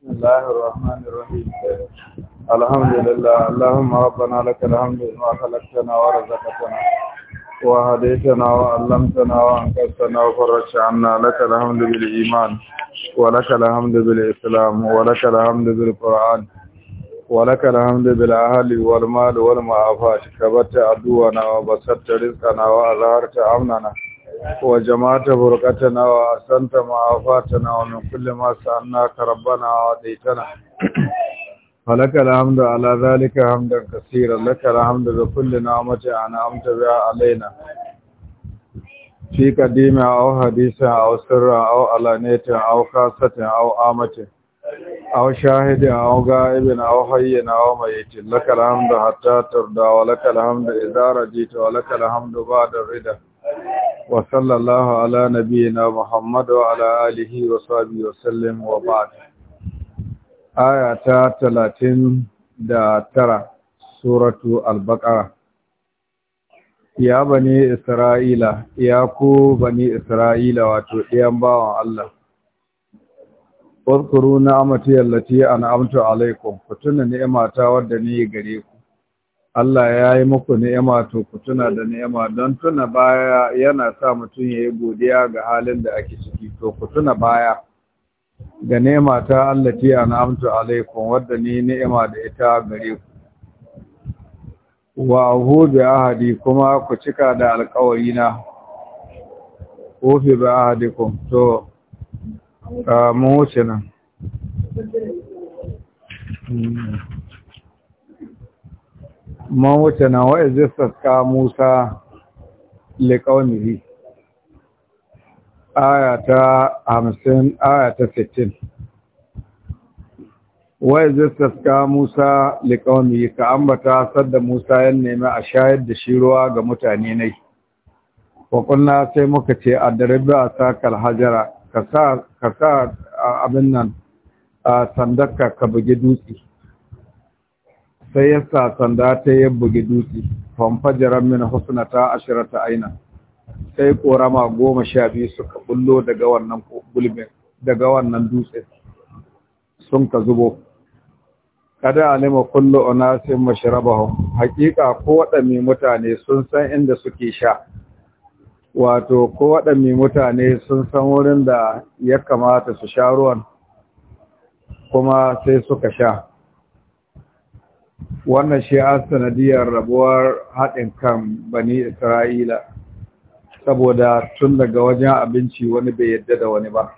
بسم الله الرحمن الرحيم الحمد لله اللهم ربنا لك الحمد ما خلقتنا ورزقتنا وهديتنا وعلمتنا وانقذتنا وفرجت عنا لك الحمد بالايمان ولك الحمد بالاسلام ولك الحمد بالقران ولك الحمد بالاهل والمال والمعافاه كبرت عدونا وبسطت رزقنا واظهرت امننا وجمعت بركتنا وأحسنت معافاتنا ومن كل ما سألناك ربنا وعديتنا فلك الحمد على ذلك حمدا كثيرا لك الحمد بكل نعمة أنعمت بها علينا في قديم أو حديث أو سر أو علانية أو خاصة أو عامة أو شاهد أو غائب أو حي أو ميت لك الحمد حتى ترضى ولك الحمد إذا رجيت ولك الحمد بعد الرضا وصلى الله على نبينا محمد وعلى آله وصحبه وسلم وبعد آية 30 da tara suratu al-baqara ya bani isra'ila ya ku bani isra'ila wato ɗiyan bawan Allah Wadkuru na amati yallati an amtu alaikum ku tuna ni'imata wadda ni gare ku Allah ya yi muku ni'ima to ku tuna da ni'ima don tuna baya yana sa mutum ya yi godiya ga halin da ake ciki to ku tuna baya ga ni'ima ta Allah ti amtu alaikum wadda ni ni'ima da ita gare ku wa hudu ahadi kuma ku cika da alƙawari na ofe ba ku, to mu wuce nan hmm. man na wa zai saska musa liƙaunihi aya ta hamsin aya ta sittin wa izistas ka ka ambata sadda musa ya nemi a shayar da shi ruwa ga mutane nai wakunna sai muka ce a darabi a sakar hajara ka sa abin nan a sandarka ka bugi dutse sai ya sa sanda ta yi bugi dutse Husna min ashirar ta aina sai korama goma sha biyu suka bullo daga wannan gulbin daga wannan dutse sun ka zubo kada alima kullu unasin mashrabahum hakika ko waɗanne mutane sun san inda suke sha wato ko waɗanne mutane sun san wurin da ya kamata su sha ruwan kuma sai suka sha wannan shi a sanadiyar rabuwar haɗin kan bani isra'ila saboda tun daga wajen abinci wani bai yadda da wani ba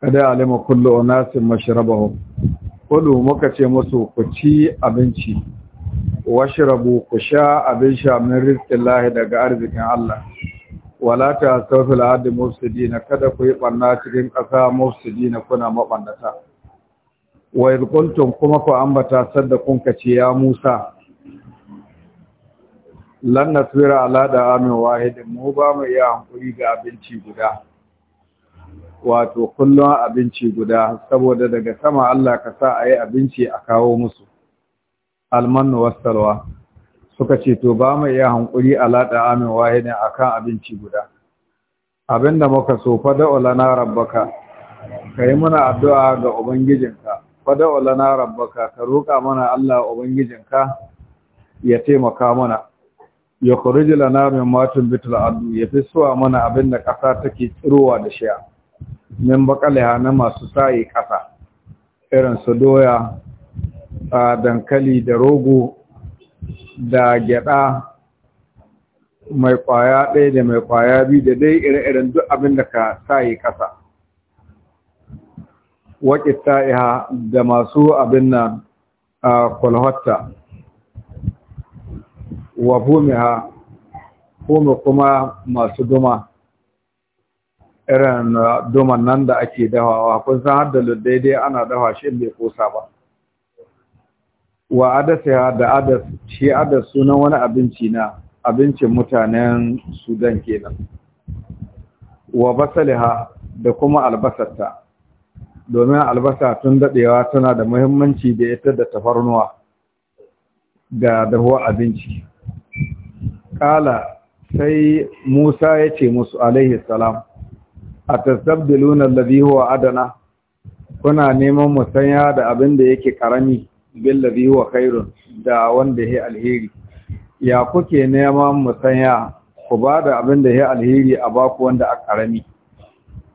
kada alima kullu unasin mashrabahu kullu muka ce musu ku ci abinci washrabu ku sha abin sha min rizqillahi daga arzikin Allah wala ta sawfil adi mufsidina kada ku yi barna cikin ƙasa mufsidina kuna mabannata wa izkultum kuma ku ambata sadda kun kace ya Musa lan nasira ala da amin wahidin mu ba mu iya hankuri ga abinci guda wato kullum abinci guda saboda daga sama Allah ka sa ayi abinci a kawo musu almanu wasalwa suka ce to ba mu iya hankuri ala da amin wahidin akan abinci guda abinda muka so fa da ulana rabbaka kai muna addu'a ga ubangijinka fada lana rabbaka ka roƙa mana Allah ubangijinka ya taimaka mana ya kurji lana min matun bitul adu ya fisuwa mana abin da ƙasa take tsirowa da shiya min bakaliha na masu sayi ƙasa irin su doya a dankali da rogo da gyada mai kwaya ɗaya da mai kwaya biyu da dai ire-iren duk abin da ka sayi ƙasa wa qitta'iha da masu abin nan a kulhatta wa fumiha fumi kuma masu duma irin duman nan da ake dawawa kun san har da daidai ana dawa shi bai kosa ba wa adasiha da adas shi adas sunan wani abinci na abincin mutanen sudan kenan wa basaliha da kuma albasarta domin albasa tun daɗewa tana da muhimmanci da ita da tafarnuwa ga dahuwa abinci Kala sai musa ya ce musu alaihi salam a tasabdiluna alladhi labihuwa adana kuna neman musanya da abin da yake karami bin labihuwa khairun da wanda yake alheri ya kuke neman musanya ku ba da abin da yake alheri a baku wanda a karami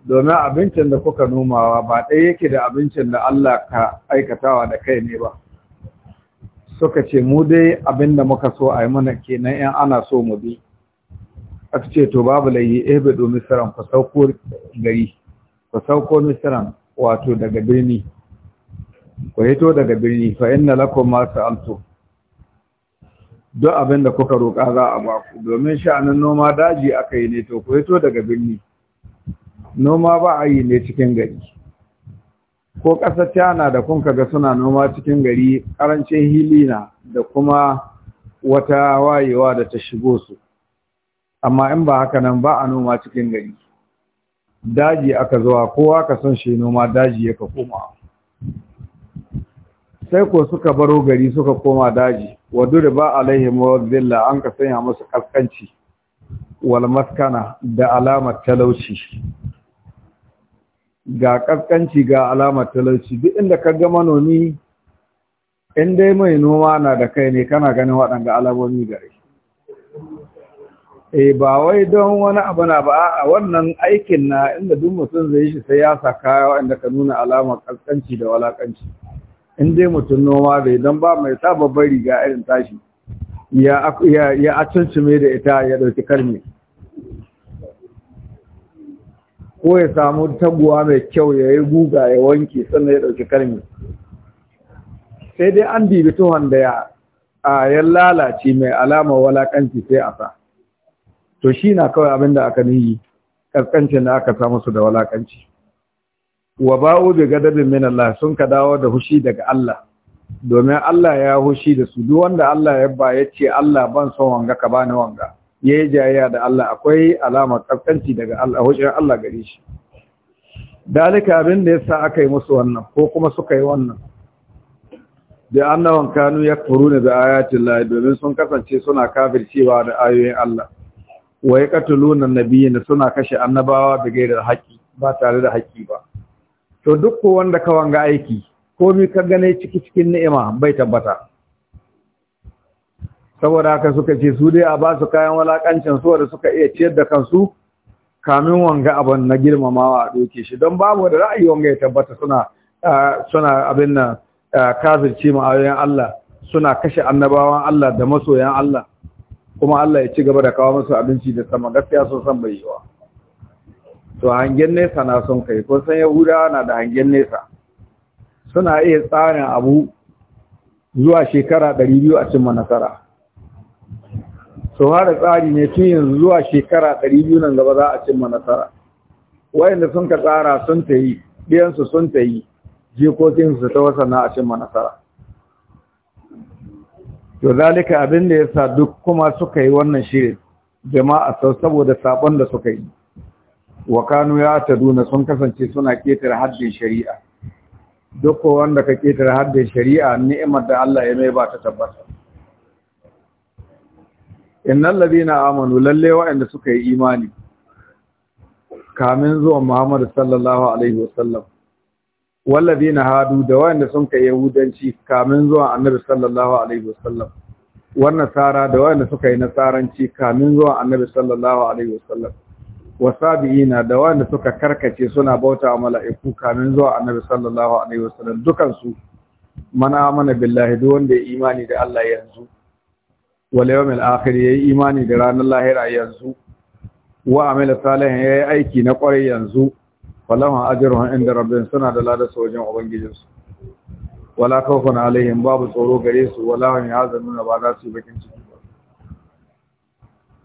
domin abincin da kuka nomawa ba ɗaya yake da abincin da Allah ka aikatawa da kai ne ba suka ce mu dai abin da muka so a yi mana kenan 'yan ana so mu bi aka ce to babu layi ebe eh, do misiran ku sauko gari ku sauko misiran wato daga birni ku hito daga birni fa inna lakon masu alto duk abin da kuka roƙa za a baku domin sha'anin noma daji aka yi ne to ku hito daga birni noma ba a yi ne cikin gari ko ƙasa tana da kun kaga suna noma cikin gari ƙarancin hilina da kuma wata wayewa da ta shigo su amma in ba haka nan ba a noma cikin gari daji aka zuwa kowa ka son shi noma daji ya ka koma sai ko suka baro gari suka koma daji wadda ba alaihim wadda an ka sanya musu kaskanci wal maskana da alamar talauci ga kaskanci ga alamar talauci duk inda ka ga manomi in dai mai noma na da kai ne kana ganin waɗanda alamomi gare shi e ba wai don wani abu na ba a wannan aikin na inda duk mutum zai yi shi sai ya sa kaya wanda ka nuna alamar kaskanci da walaƙanci, in dai mutum noma zai don ba mai sa babbar riga irin tashi ya ya da ita ya ɗauki karni. ko ya samu taguwa mai kyau ya yi guga ya wanke sannan ya ɗauki karmi sai dai an bibi tuhon da ya a lalace mai alama walakanci sai a sa to shi na kawai abin da aka nihi kaskancin da aka samu su da walakanci wa ba'u bi gadabin min Allah sun ka dawo da hushi daga Allah domin Allah ya hushi da su duk wanda Allah ya ba ya ce Allah ban son wanga ka bani wanga ya yi jayayya da Allah akwai alamar ƙasƙanci daga Allah Allah gare shi dalika abin da ya sa aka yi musu wannan ko kuma suka yi wannan da annawan kanu ya furu ne da ayatun lai domin sun kasance suna cewa da ayoyin Allah wa ya katuluna da suna kashe annabawa da gaira haƙi ba tare da haƙi ba to duk ko wanda ka wanga aiki ko mi ka gane ciki cikin ni'ima bai tabbata saboda haka suka ce su dai a ba su kayan walakancin su wanda suka iya ciyar da kansu kamin wanga abin na girmamawa a doke shi don babu da ra'ayi wanga ya tabbata suna suna abin nan ma ayoyin Allah suna kashe annabawan Allah da masoyan Allah kuma Allah ya ci gaba da kawo musu abinci da sama gaskiya sun san bai yiwa to hangen nesa na son kai ko san yahudawa na da hangen nesa suna iya tsarin abu zuwa shekara 200 a cimma nasara su fara tsari ne tun yanzu zuwa shekara biyu nan gaba za a cimma nasara wayanda sun ka tsara sun ta yi ɗiyansu sun ta yi jikokin su ta wasa na a cimma nasara to zalika abin da yasa duk kuma suka yi wannan shirin jama'a sau saboda sabon da suka yi wa kanu ya taduna sun kasance suna ketare haddin shari'a duk wanda ka ketare haddin shari'a ni'imar da Allah ya mai ba ta tabbata Innan ladina amanu lalle wa'anda suka yi imani kamin zuwan Muhammad sallallahu alaihi wasallam walladina hadu da wa'anda sun kai yahudanci kamin zuwan Annabi sallallahu alaihi wasallam wannan tsara da wa'anda suka yi nasaranci kamin zuwan Annabi sallallahu alaihi wasallam wasabiina da wa'anda suka karkace suna bauta wa mala'iku kamin zuwan Annabi sallallahu alaihi wasallam dukan su man amana billahi duk wanda ya imani da Allah yanzu wal yawmil akhir yayi imani da ranar lahira yanzu wa amila ya yayi aiki na kwarai yanzu wallahu ajruhum inda rabbihim suna da ladan su wajen ubangijinsu wala khawfun alaihim babu tsoro gare su wala hum yahzanuna ba za su yi bakin ciki ba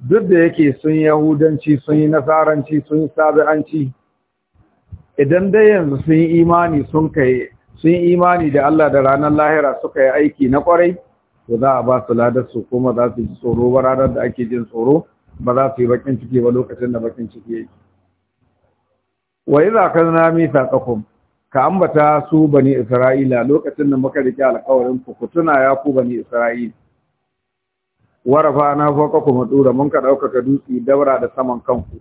duk da yake sun yahudanci sun yi nasaranci sun yi sabi'anci idan dai yanzu sun yi imani sun kai sun imani da Allah da ranar lahira suka yi aiki na kwarai to za a ba su ladar su kuma za su ji tsoro ba ranar da ake jin tsoro ba za su yi bakin ciki ba lokacin da bakin ciki yake wa zana mi mithaqakum ka ambata su bani isra'ila lokacin da muka rike alƙawarin ku ku tuna ya ku bani isra'ila warafa na faka kuma dura mun ka ɗaukaka dutse daura da saman kanku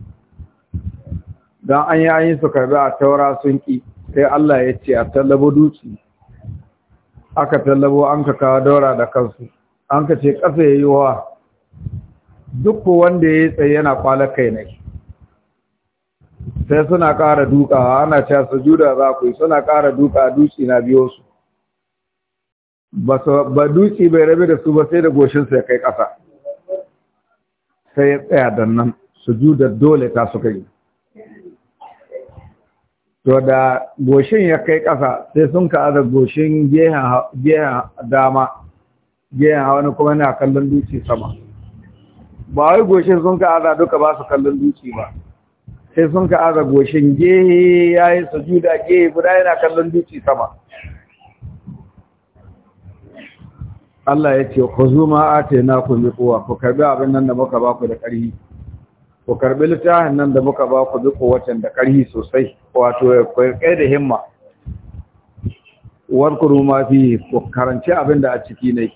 don an yi su karbi a taura sun ƙi sai Allah ya ce a tallabo dutse aka tallabo an ka kawo daura da kansu an ka ce ƙasa ya yi wa duk wanda ya yi tsaye yana kwalar kai ne sai suna ƙara dukawa ana cewa sujuda za ku yi suna ƙara duka dutse na biyo su ba dutse bai rabe da su ba sai da goshinsa ya kai ƙasa sai ya tsaya da nan sujuda dole ta suka yi to da goshin ya kai ƙasa sai sun ka da goshin gehen dama gehen wani kuma na kallon duci sama ba wai goshin sun ka aza duka ba su kallon duci ba sai sun ka aza goshin gehe ya yi sujuda gehe guda yana kallon duci sama Allah ya ce ku zuma ate na ku miƙuwa ku karbi abin nan da muka ba ku da ƙarfi ku karbi littafin nan da muka ba ku duk watan da ƙarhi sosai wato kai da himma warkuru ma fi ku karanci abin da a ciki ne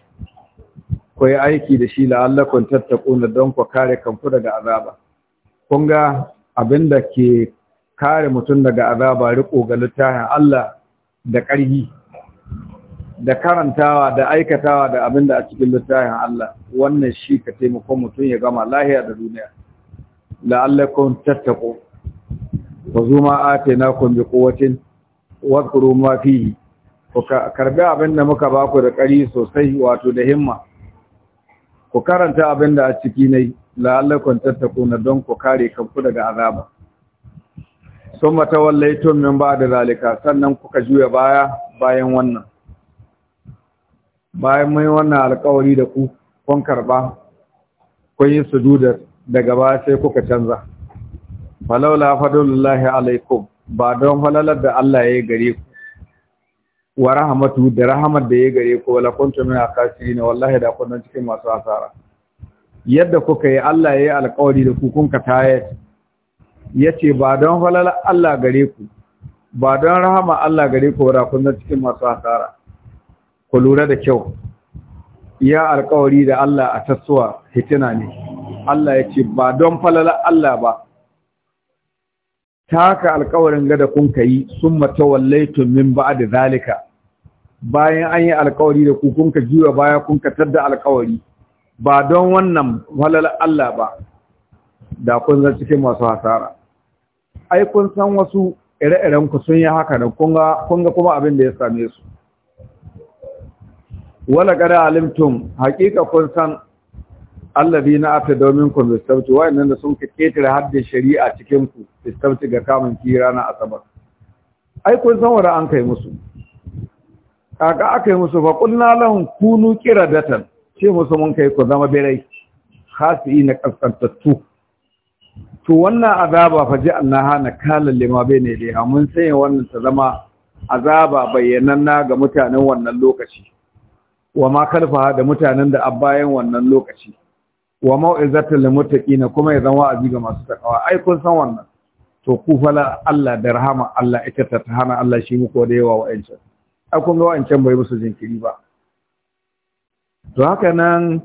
ku yi aiki da shi la'allakun tattakuna don ku kare kanku daga azaba kun ga abin da ke kare mutum daga azaba riko ga littafin Allah da ƙarhi da karantawa da aikatawa da abin a cikin littafin Allah wannan shi ka taimako mutum ya gama lahiya da duniya la'allakum tattaqu wa zuma atainakum bi quwwatin wadhkuru ma fihi ku karbi abin da muka baku da ƙari sosai wato da himma ku karanta abin da a ciki ne la'allakum tattaquna don ku kare kanku daga azaba summa tawallaytum min ba'da zalika sannan kuka juya baya bayan wannan bayan mai wannan alƙawari da ku kun karba kun yi sujudar daga ba sai kuka canza falawla fadlullahi alaikum ba don falalar da Allah ya gare ku wa rahmatu da rahmat da ya gare ku wala kuntum min akasirin wallahi da kun cikin masu asara yadda kuka yi Allah ya yi alƙawari da ku kun ka tayar yace ba don falalar Allah gare ku ba don rahama Allah gare ku da kun cikin masu asara ku lura da kyau ya alƙawari da Allah a tasuwa hitina ne Allah ya ce ba don falala Allah ba ta haka alkawarin gada kun yi sun matawallaitun min da zalika bayan an yi alkawari da ku kun ka jiwa baya kun ka tadda alkawari ba don wannan falala Allah ba da kun zan cikin masu hasara ai kun san wasu ire-iren ku sun yi haka da kun ga kuma abin da ya same su wala gada alimtum hakika kun san bi na ata domin ku bistabti nan da sun ka ketare haddin shari'a cikin ku bistabti ga kamun kira na asabar ai kun san wara an kai musu kaga aka yi musu fa kunna lahum kunu qiradatan ce musu mun kai ku zama birai khasi na kasantattu to wannan azaba fa ji annaha na kalal lima bayne dai mun sai wannan ta zama azaba bayyananna ga mutanen wannan lokaci wa ma kalfa da mutanen da a bayan wannan lokaci wa mau'izatul lil muttaqin kuma ya zama wa'azi ga masu takawa ai kun san wannan to ku fala Allah da rahama Allah ita ta hana Allah shi muku da yawa wa'ancan ai kun ga wa'ancan bai musu jinkiri ba to haka nan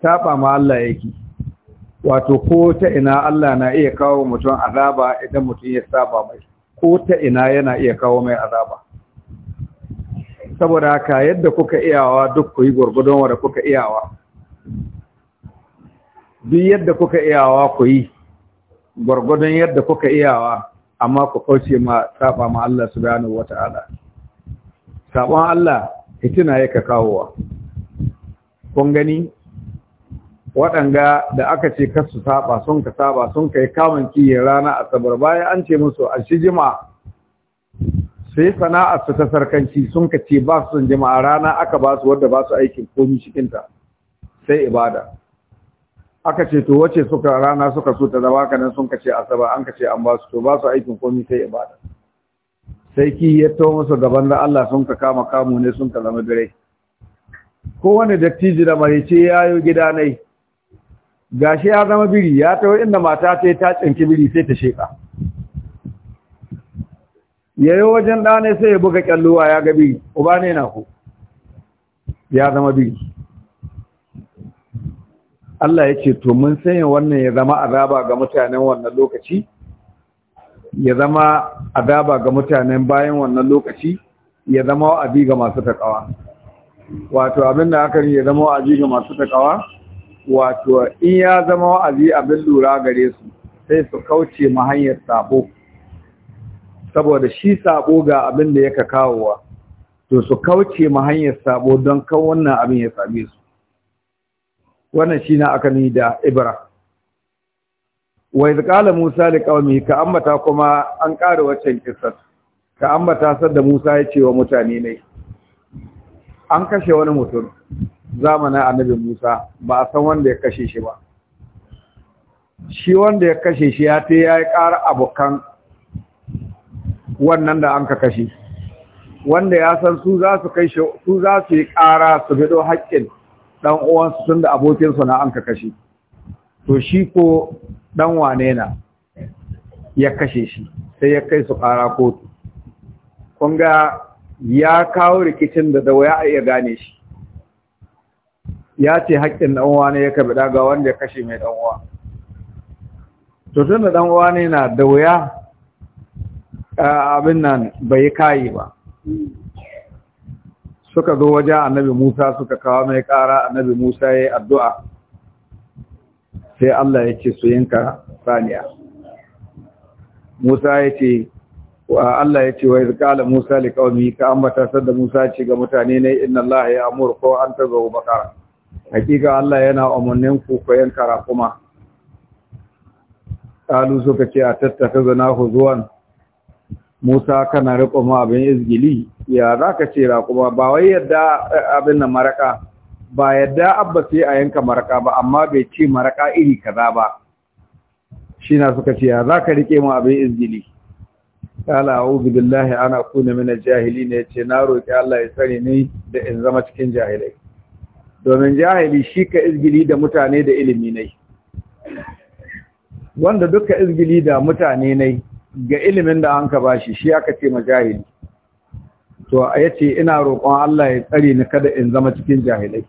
saba ma Allah yake wato ko ta ina Allah na iya kawo mutum azaba idan mutum ya saba mai ko ta ina yana iya kawo mai azaba saboda haka yadda kuka iyawa duk ku yi gurgudun da kuka iyawa duk yadda kuka iyawa ku yi gwargwadon yadda kuka iyawa amma ku kauce ma saba ma Allah subhanahu wata'ala saban Allah hitina yake kawowa kun gani waɗanga da aka ce kasu saba sun ka saba sun kai kamun kiyin rana a sabar bayan an ce musu a shi jima sai sana'ar su ta sarkanci sun ka ce ba su jima'a rana aka ba su wadda ba su aikin komi cikinta sai ibada aka ce to wace suka rana suka so ta zama kanan sun kace asaba an kace an ba su to ba su aikin komai sai ibada sai ki ya to musu gaban da Allah sun ka kama kamu ne sun ka zama dare kowane wani da marice ya yi gida nai gashi ya zama biri ya tawo inda mata ta ta tsinki biri sai ta sheka yayo wajen ne sai ya buga kyalluwa ya ga biri uba ne na ku ya zama biri Allah ya ce to mun sanya wannan ya zama azaba ga mutanen wannan lokaci ya zama azaba ga mutanen bayan wannan lokaci ya zama wa'azi ga masu takawa wato abin da aka ya zama wa'azi ga masu takawa wato in ya zama wa'azi abin lura gare su sai su kauce ma hanyar sabo saboda shi sabo ga abin da yake kawowa to su kauce ma hanyar sabo don kan wannan abin ya same su wannan shi na aka ni da ibra wa iz qala musa li qaumi ka ambata kuma an ƙara waccan kissar ka ambata sar da musa ya ce wa mutane ne an kashe wani mutum zamanin annabi musa ba a san wanda ya kashe shi ba shi wanda ya kashe shi ya ta ya yi ƙara abokan wannan da an ka kashe wanda ya san su za su kai su za su yi ƙara su bido haƙƙin dan uwansu tun da abokinsu na an ka kashe to shi ko dan wane na ya kashe shi sai ya kai su ƙara kotu kun ga ya kawo rikicin da da waya a gane shi ya ce haƙƙin ɗan uwa ya kabiɗa daga wanda ya kashe mai ɗan uwa to tun da ɗan uwa ne na da waya abin nan bai kayi ba suka zo wajen annabi Musa suka kawo mai ƙara annabi Musa ya yi addu'a sai Allah ya ce su yinka saniya Musa ya ce Allah ya ce wa kala Musa li qaumi ka ambata sadda Musa ce ga mutane ne inna Allah ya amur ko an zo bakara hakika Allah yana umurnin ku ko yanka rakuma kalu suka ce a tattaka zana huzuwan Musa kana riƙo mu abin izgili ya za ka ce raƙuma ba wai yadda eh, abin na maraƙa ba yadda abba sai a yanka maraƙa ba amma bai ce maraƙa iri kaza ba shi na suka ce ya za ka riƙe mu abin izgili kala a'udhu billahi ana kuna min jahili jahilin yace na roƙi Allah ya tsare ni da in zama cikin jahilai domin jahili shi ka izgili da mutane da ilimi ne wanda duka izgili da mutane ne ga ilimin da an ka bashi shi aka ce majahili to ya ce ina roƙon Allah ya tsare ni kada in zama cikin jahilai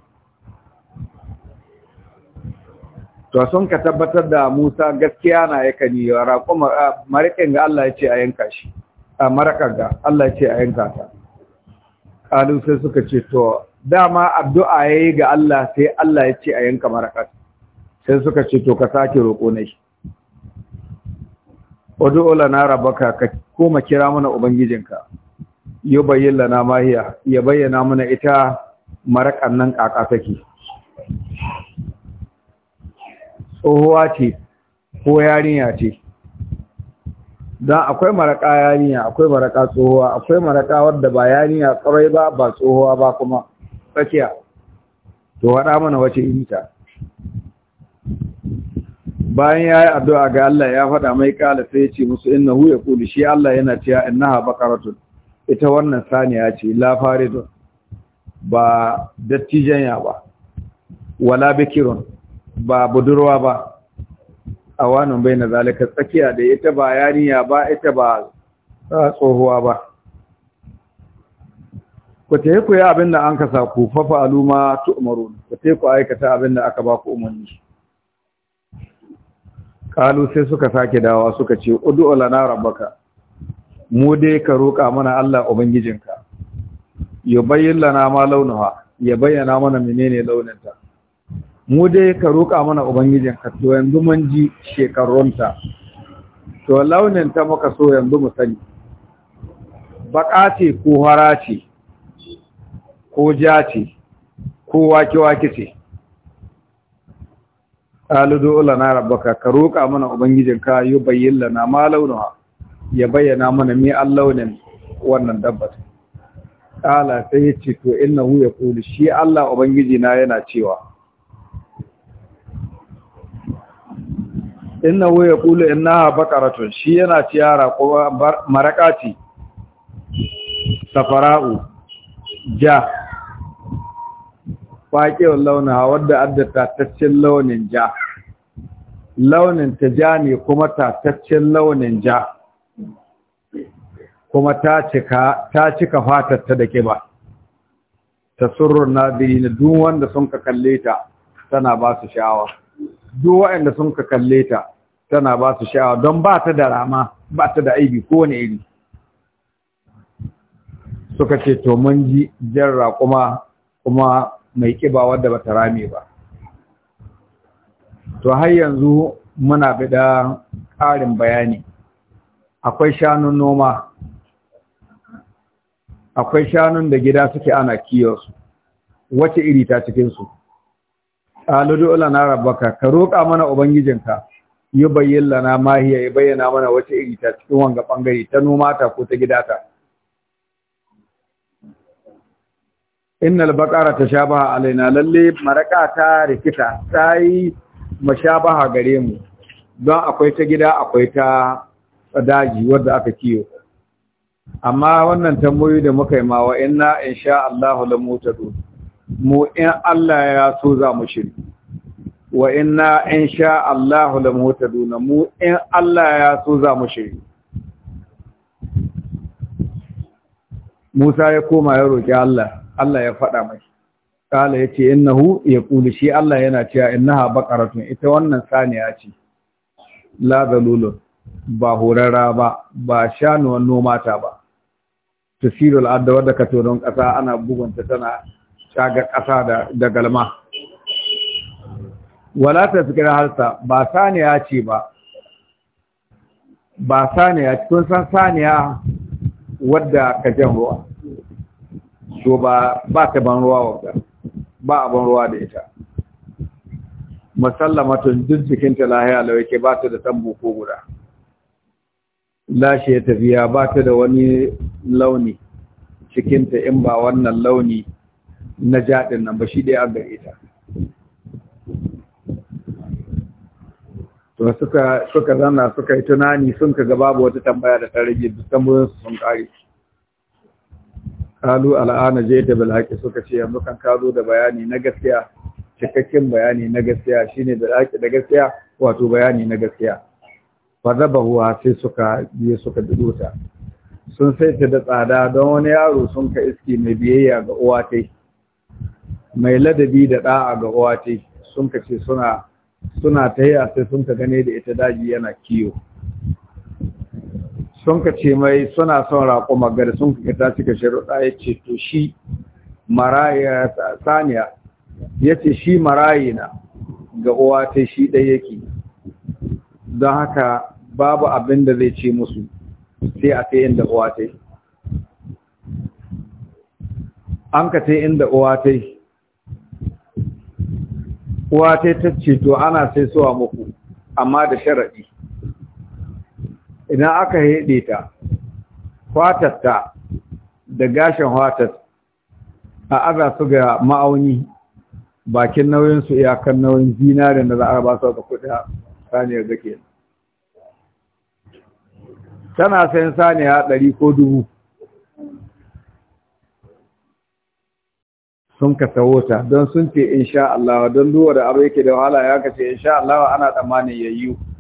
to sun ka tabbatar da Musa gaskiya na yake ni raƙo marikin ga Allah ya ce a yanka shi a marakar ga Allah ya ce a yanka ta kalu sai suka ce to dama addu'a yayi ga Allah sai Allah ya ce a yanka marakar sai suka ce to ka sake roƙo na shi Odu na rabaka ka koma kira mana ubangijinka yo bayyin lana mahiya ya bayyana mana ita marakan nan kaka take tsohuwa ce ko yarinya ce don akwai maraƙa yarinya akwai maraka tsohuwa akwai maraka wadda ba yarinya tsarai ba ba tsohuwa ba kuma tsakiya to haɗa mana wace ita? bayan ya yi addu'a ga Allah ya faɗa mai ƙala sai ya ce musu inna hu ya kuli shi Allah yana cewa innaha ƙaratun.' ita wannan saniya ce la faridun ba ya ba wala bikirun ba budurwa ba A wanan bai na zalika tsakiya da ita ba ba ita ba tsohuwa ba ku ta ku yi abin an kasa ku fafa aluma tu'maru ku ta ku aikata abin da aka ba ku umarni kalu sai suka sake dawa suka ce ud'u lana rabbaka mu dai ka roƙa mana Allah ubangijinka ya bayyana lana ma launuha ya bayyana mana menene ta. mu dai ka roƙa mana ubangijinka to yanzu mun ji shekarunta to launin ta muka so yanzu mu sani Baka ce ko hara ce ko ja ce ko wake-wake ce ula lana rabbaka ka roƙa mana ubangijin ka yi yubayyin lana ma launuwa ya bayyana mana an launin wannan dabbas. ƙala sai ya ce to ina innahu kuli shi Allah ubangijina na yana cewa kuli ina ha bakaratun shi yana yara ko maraƙaci safara'u ja faƙiyar launa wadda adda tataccen launin ja launin ta ja ne kuma tataccen launin ja kuma ta cika fatarta da ƙiba ta surrun nadiri na duk wanda sun ka kalle ta tana ba su sha'awa duk waɗanda sun ka kalle ta tana ba su sha'awa don ba ta da rama ba ta da aibi ko wani iri suka ce to mun ji jarra kuma kuma mai kiba wadda bata rame ba to har yanzu muna bida ƙarin bayani akwai shanun noma akwai shanun da gida suke ana kiyarsu wace iri ta cikinsu ƙaludu ulana rabaka, ka roƙa mana ubangijinka yi bayyana mahiya ya bayyana mana wace iri ta cikin wanga ɓangare ta noma ta ko ta gida ta innal baqara tashabaha alaina lalle maraka ta rikita sai mashabaha gare mu don akwai ta gida akwai ta daji wanda aka kiyo amma wannan tambayoyi da muka yi ma wa inna insha Allah la mutadu mu in Allah ya so za mu shiri wa inna insha Allah la mutadu mu in Allah ya so za mu shiri Musa ya koma ya roƙi Allah Allah ya faɗa mai kala hu ya ƙuli shi Allah yana cewa innaha baƙaratun, ita wannan saniya ce la ba horarra ba ba shanuwan noma ta ba tasirul adda wadda ka tonon ƙasa ana bugunta tana shagar ƙasa da galma wala ta fikir harsa ba saniya ce ba ba saniya cikin san saniya wadda ka jan ruwa to ba ba ta ban ruwa wanda ba a ban ruwa da ita musallamatun duk jikinta lahiya lau yake ba ta da tambu ko guda lashe ta biya ba ta da wani launi cikinta in ba wannan launi na jaɗin nan ba shi dai an gare ta to suka suka zanna suka yi tunani sun ka ga babu wata tambaya da ta duk tambayoyinsu sun shi kalu al'ana Je da haqi suka ce yanzu kan kazo da bayani na gaskiya cikakken bayani na gaskiya shine bil da gaskiya wato bayani na gaskiya fa wa sai suka biye suka dudota sun sai ta da tsada don wani yaro sun ka iski mai biyayya ga uwa tai mai ladabi da da'a ga uwa tai sun ka ce suna suna tayya sai sun ka gane da ita daji yana kiyo sun ka ce mai suna son raƙo magana sun ka ta cika sharuɗa ya ce to shi maraya saniya ya ce shi na ga uwa ta shi ɗai yake don haka babu abin da zai ce musu sai a ta inda uwa ta an ka ta inda uwa ta uwa ta ta ce to ana sai suwa muku amma da sharaɗi ina aka haɗe ta fatarta da gashin fatar a aza su ga ma'auni bakin nauyin su iyakan nauyin zinarin da za a ba su da kuɗi saniyar zake tana sayan saniya ɗari ko dubu sun ka ta don sun ce in sha Allah don duwa da abu yake da wahala ya kace sha Allah ana tsammanin yayyu